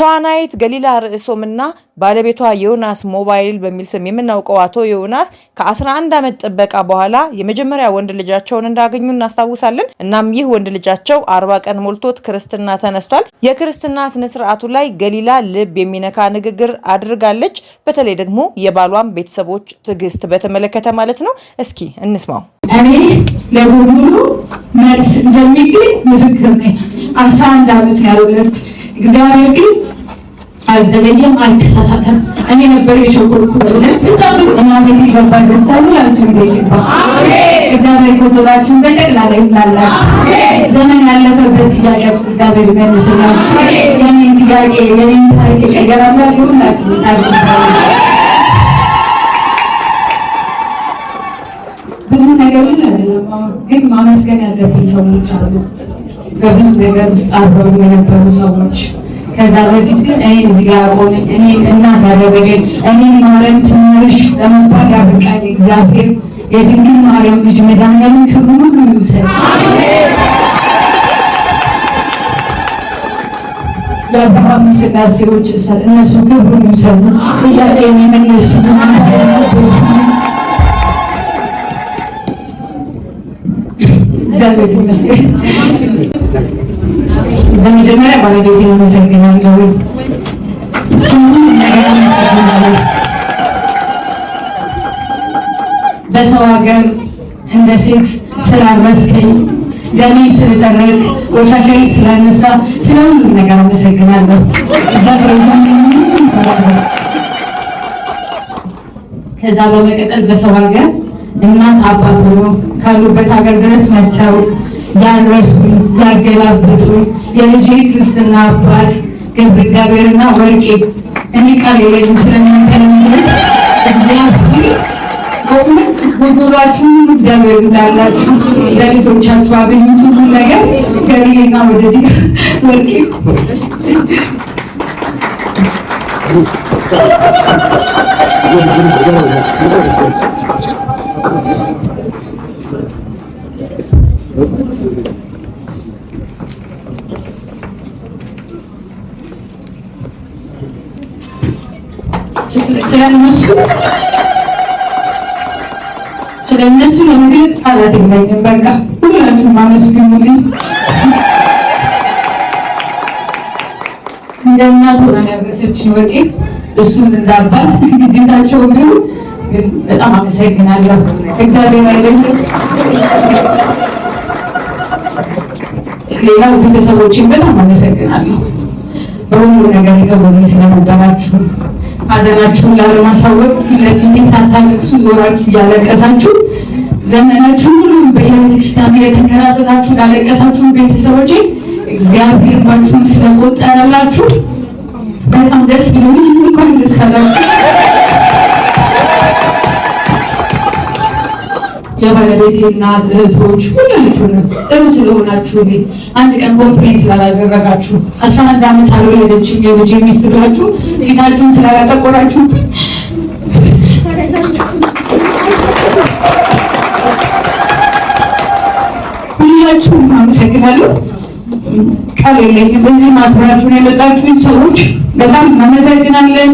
ተዋናይት ገሊላ ርዕሶምና ባለቤቷ ዮናስ ሞባይል በሚል ስም የምናውቀው አቶ ዮናስ ከ11 ዓመት ጥበቃ በኋላ የመጀመሪያ ወንድ ልጃቸውን እንዳገኙ እናስታውሳለን። እናም ይህ ወንድ ልጃቸው አርባ ቀን ሞልቶት ክርስትና ተነስቷል። የክርስትና ስነ ስርዓቱ ላይ ገሊላ ልብ የሚነካ ንግግር አድርጋለች። በተለይ ደግሞ የባሏን ቤተሰቦች ትዕግስት በተመለከተ ማለት ነው። እስኪ እንስማው። እኔ ለሁሉ መልስ እንደሚገኝ ምስክር ነኝ። 11 ዓመት ያልወለድኩት እግዚአብሔር ግን አልዘገየም፣ አልተሳሳተም። እኔ ነበር የቸኮልኩት ብለን እግዚአብሔር ከቶታችን በጠቅላላ ይላላል። ዘመን ያለፈበት ጥያቄ እግዚአብሔር ይመልስላል። የኔን ጥያቄ የኔን ታሪክ ይቀየራላል። ሁላችን ብዙ ነገር ግን ማመስገን ያለብኝ ሰዎች አሉ። በብዙ ነገር ውስጥ አብረው የነበሩ ሰዎች ከዛ በፊት ግን እኔ እዚህ ጋር ቆሜ እኔ እናት ያደረገኝ እኔ ማርያም ትኖርሽ ለመባል ያበቃኝ እግዚአብሔር የድንግል ማርያም ልጅ መድኃኒዓለም ክብሩ ሁሉ ይውሰድ። ለአብርሃም ስላሴዎች ይሰጥ እነሱ ክብሩ ይውሰዱ። ጥያቄን የመለሱ እግዚአብሔር ይመስገን። በመጀመሪያ ባለቤት አመሰግናለሁ። በሰው ሀገር እንደ ሴት ስላረስከኝ፣ ደሜ ስለጠረግ፣ ቆሻሻዬ ስላነሳ፣ ስለ ሁሉም ነገር አመሰግናለሁ። ከዛ በመቀጠል በሰው ሀገር እናት አባት ሆኖ ካሉበት ሀገር ድረስ መተው ያረሱኝ፣ ያገላበጡኝ የልጅ ክርስትና አባት ገብረ እግዚአብሔርና ወርቄ እኔ ቃል የለኝም ስለሚንተለምነት እግዚአብሔር በእውነት በጎሏችሁም እግዚአብሔር እንዳላችሁ ለልጆቻችሁ አገኙት ሁሉ ነገር ገሪና ወደዚህ ወርቄ Thank ስለነሱ ስለነሱ ለመግለጽ ቃላት የለኝም። በቃ ሁላችሁም አመስግኑልኝ። እንደ እናት ሆና ያደረሰችኝ ወርቄ እሱም እንደ አባት ግዴታቸው ቢሆን በጣም አመሰግናለሁ። እግዚአብሔር አይለኝ። ሌላው ቤተሰቦችን በጣም አመሰግናለሁ በሁሉ ነገር ከጎኔ ስለነበራችሁ ሀዘናችሁን ላለማሳወቅ ፊት ለፊቴ ሳታለቅሱ ዞራችሁ እያለቀሳችሁ ዘመናችሁ ሁሉ በየቤተክርስቲያኑ የተንከራተታችሁ ላለቀሳችሁ ቤተሰቦች እግዚአብሔር ባችሁን ስለቆጠረላችሁ በጣም ደስ ብሎኝ እንኳን ደስ አላችሁ። የባለቤቴ እናት፣ እህቶች ሁላችሁንም ጥሩ ስለሆናችሁ አንድ ቀን ኮምፕሌን ስላላደረጋችሁ አስራ አንድ ዓመት አልወለደችም የልጅ ሚስት ብላችሁ ፊታችሁን ስላላጠቆራችሁ ሁላችሁም አመሰግናለሁ። ቃል የለኝ። በዚህ ማክበራችሁን የመጣችሁኝ ሰዎች በጣም እናመሰግናለን።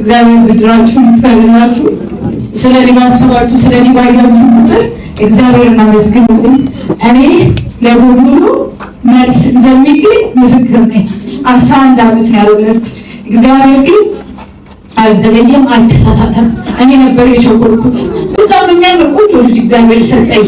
እግዚአብሔር ብድራችሁን ይክፈልላችሁ። ስለኒባስ ሰባችሁ ስለ ኒባ ይለምኑ ቁጥር እግዚአብሔር እናመስግኑልኝ። እኔ ለሁሉ መልስ እንደሚገኝ ምስክር ነኝ። አስራ አንድ ዓመት ነው ያልወለድኩት። እግዚአብሔር ግን አልዘገየም፣ አልተሳሳተም። እኔ ነበር የቸኮልኩት። በጣም የሚያምር ቆንጆ ልጅ እግዚአብሔር ሰጠኝ።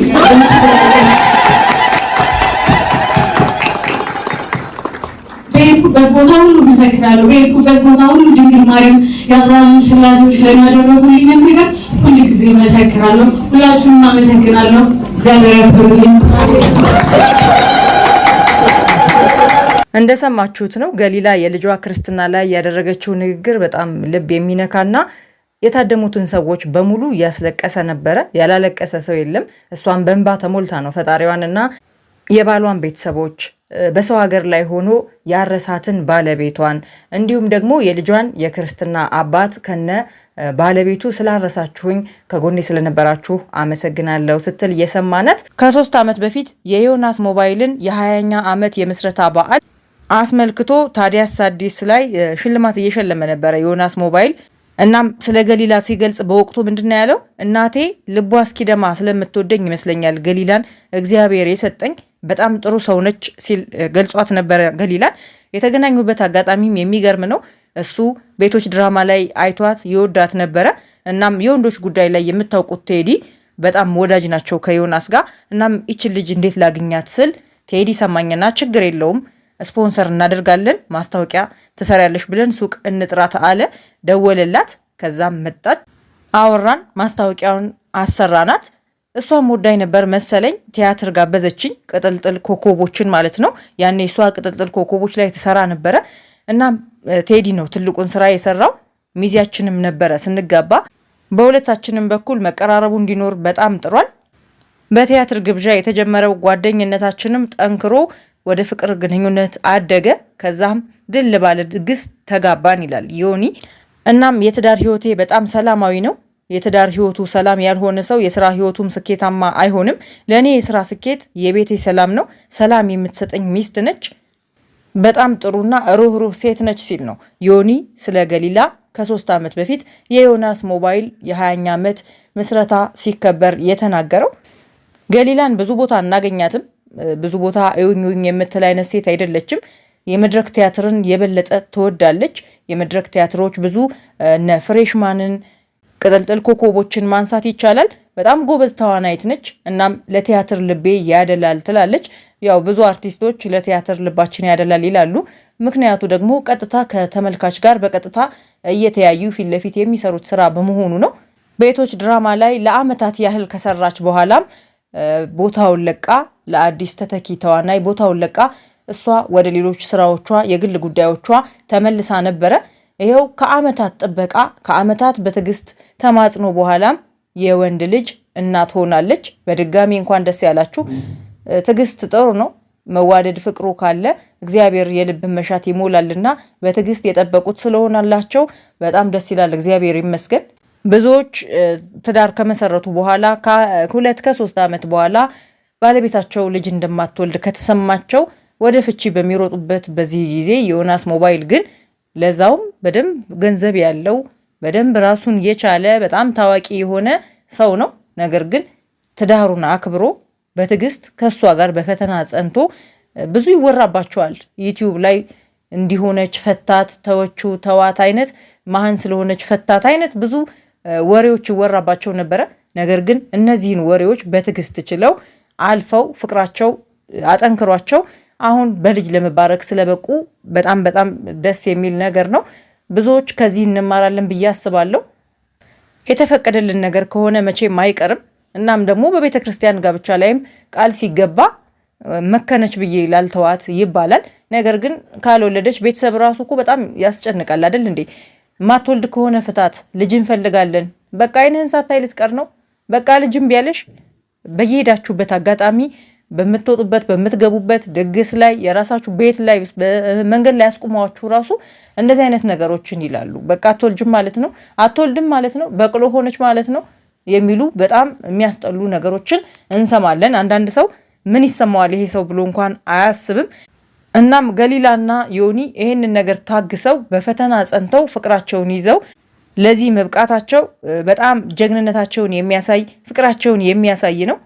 በሄድኩበት ቦታ ሁሉ መሰክራለሁ። በሄድኩበት ቦታ ሁሉ ድንግል ማርያም የአብርሃም ስላሴዎች ለሚያደረጉልኝ ነገር ሁል ጊዜ መሰክራለሁ። ሁላችሁም አመሰግናለሁ። እግዚአብሔር ያክብርልኝ። እንደሰማችሁት ነው ገሊላ የልጇ ክርስትና ላይ ያደረገችው ንግግር በጣም ልብ የሚነካና የታደሙትን ሰዎች በሙሉ እያስለቀሰ ነበረ። ያላለቀሰ ሰው የለም። እሷን በእንባ ተሞልታ ነው ፈጣሪዋንና የባሏን ቤተሰቦች በሰው ሀገር ላይ ሆኖ ያረሳትን ባለቤቷን እንዲሁም ደግሞ የልጇን የክርስትና አባት ከነ ባለቤቱ ስላረሳችሁኝ ከጎኔ ስለነበራችሁ አመሰግናለሁ ስትል የሰማናት ከሶስት ዓመት በፊት የዮናስ ሞባይልን የሀያኛ ዓመት የምስረታ በዓል አስመልክቶ ታዲያስ አዲስ ላይ ሽልማት እየሸለመ ነበረ ዮናስ ሞባይል። እናም ስለ ገሊላ ሲገልጽ በወቅቱ ምንድን ነው ያለው? እናቴ ልቧ እስኪደማ ስለምትወደኝ ይመስለኛል ገሊላን እግዚአብሔር የሰጠኝ በጣም ጥሩ ሰው ነች ሲል ገልጿት ነበረ ገሊላን። የተገናኙበት አጋጣሚም የሚገርም ነው። እሱ ቤቶች ድራማ ላይ አይቷት ይወዳት ነበረ። እናም የወንዶች ጉዳይ ላይ የምታውቁት ቴዲ በጣም ወዳጅ ናቸው ከዮናስ ጋር። እናም ይችን ልጅ እንዴት ላግኛት ስል ቴዲ ሰማኝና ችግር የለውም ስፖንሰር እናደርጋለን፣ ማስታወቂያ ትሰሪያለሽ ብለን ሱቅ እንጥራት አለ። ደወለላት። ከዛም መጣች፣ አወራን፣ ማስታወቂያውን አሰራናት። እሷም ወዳኝ ነበር መሰለኝ ቲያትር ጋበዘችኝ። ቅጥልጥል ኮከቦችን ማለት ነው። ያኔ እሷ ቅጥልጥል ኮከቦች ላይ ተሰራ ነበረ እና ቴዲ ነው ትልቁን ስራ የሰራው። ሚዜያችንም ነበረ ስንጋባ። በሁለታችንም በኩል መቀራረቡ እንዲኖር በጣም ጥሯል። በቲያትር ግብዣ የተጀመረው ጓደኝነታችንም ጠንክሮ ወደ ፍቅር ግንኙነት አደገ። ከዛም ድል ባለ ድግስ ተጋባን ይላል ዮኒ። እናም የትዳር ህይወቴ በጣም ሰላማዊ ነው። የትዳር ህይወቱ ሰላም ያልሆነ ሰው የስራ ህይወቱም ስኬታማ አይሆንም። ለእኔ የስራ ስኬት የቤቴ ሰላም ነው። ሰላም የምትሰጠኝ ሚስት ነች። በጣም ጥሩና ሩህሩህ ሴት ነች ሲል ነው ዮኒ ስለ ገሊላ ከሶስት ዓመት በፊት የዮናስ ሞባይል የ20ኛ ዓመት ምስረታ ሲከበር የተናገረው። ገሊላን ብዙ ቦታ እናገኛትም። ብዙ ቦታ እዩኝ የምትል አይነት ሴት አይደለችም። የመድረክ ቲያትርን የበለጠ ትወዳለች። የመድረክ ቲያትሮች ብዙ እነ ፍሬሽማንን ቅጥልጥል ኮከቦችን ማንሳት ይቻላል። በጣም ጎበዝ ተዋናይት ነች። እናም ለቲያትር ልቤ ያደላል ትላለች። ያው ብዙ አርቲስቶች ለቲያትር ልባችን ያደላል ይላሉ። ምክንያቱ ደግሞ ቀጥታ ከተመልካች ጋር በቀጥታ እየተያዩ ፊት ለፊት የሚሰሩት ስራ በመሆኑ ነው። ቤቶች ድራማ ላይ ለአመታት ያህል ከሰራች በኋላም ቦታውን ለቃ ለአዲስ ተተኪ ተዋናይ ቦታውን ለቃ እሷ ወደ ሌሎች ስራዎቿ የግል ጉዳዮቿ ተመልሳ ነበረ። ይኸው ከዓመታት ጥበቃ ከዓመታት በትዕግስት ተማጽኖ በኋላም የወንድ ልጅ እናት ሆናለች። በድጋሚ እንኳን ደስ ያላችሁ። ትዕግስት ጥሩ ነው። መዋደድ ፍቅሩ ካለ እግዚአብሔር የልብ መሻት ይሞላልና በትዕግስት የጠበቁት ስለሆናላቸው በጣም ደስ ይላል። እግዚአብሔር ይመስገን። ብዙዎች ትዳር ከመሰረቱ በኋላ ከሁለት ከሶስት ዓመት በኋላ ባለቤታቸው ልጅ እንደማትወልድ ከተሰማቸው ወደ ፍቺ በሚሮጡበት በዚህ ጊዜ ዮናስ ሞባይል ግን ለዛውም በደንብ ገንዘብ ያለው በደንብ ራሱን የቻለ በጣም ታዋቂ የሆነ ሰው ነው። ነገር ግን ትዳሩን አክብሮ በትዕግስት ከእሷ ጋር በፈተና ጸንቶ ብዙ ይወራባቸዋል። ዩቲዩብ ላይ እንዲሆነች ፈታት፣ ተወቹ፣ ተዋት አይነት መሀን ስለሆነች ፈታት አይነት ብዙ ወሬዎች ይወራባቸው ነበረ። ነገር ግን እነዚህን ወሬዎች በትዕግስት ችለው አልፈው ፍቅራቸው አጠንክሯቸው አሁን በልጅ ለመባረክ ስለበቁ በጣም በጣም ደስ የሚል ነገር ነው። ብዙዎች ከዚህ እንማራለን ብዬ አስባለሁ። የተፈቀደልን ነገር ከሆነ መቼም አይቀርም። እናም ደግሞ በቤተ ክርስቲያን ጋብቻ ላይም ቃል ሲገባ መከነች ብዬ ላልተዋት ይባላል። ነገር ግን ካልወለደች ቤተሰብ ራሱ እኮ በጣም ያስጨንቃል አይደል እንዴ? ማትወልድ ከሆነ ፍታት፣ ልጅ እንፈልጋለን፣ በቃ አይንህን ሳታይ ልትቀር ነው፣ በቃ ልጅም ቢያለሽ በየሄዳችሁበት አጋጣሚ በምትወጡበት በምትገቡበት ድግስ ላይ የራሳችሁ ቤት ላይ መንገድ ላይ ያስቁሟችሁ ራሱ እንደዚህ አይነት ነገሮችን ይላሉ። በቃ አትወልጅም ማለት ነው፣ አትወልድም ማለት ነው፣ በቅሎ ሆነች ማለት ነው የሚሉ በጣም የሚያስጠሉ ነገሮችን እንሰማለን። አንዳንድ ሰው ምን ይሰማዋል ይሄ ሰው ብሎ እንኳን አያስብም። እናም ገሊላና ዮኒ ይህንን ነገር ታግሰው በፈተና ጸንተው ፍቅራቸውን ይዘው ለዚህ መብቃታቸው በጣም ጀግንነታቸውን የሚያሳይ ፍቅራቸውን የሚያሳይ ነው።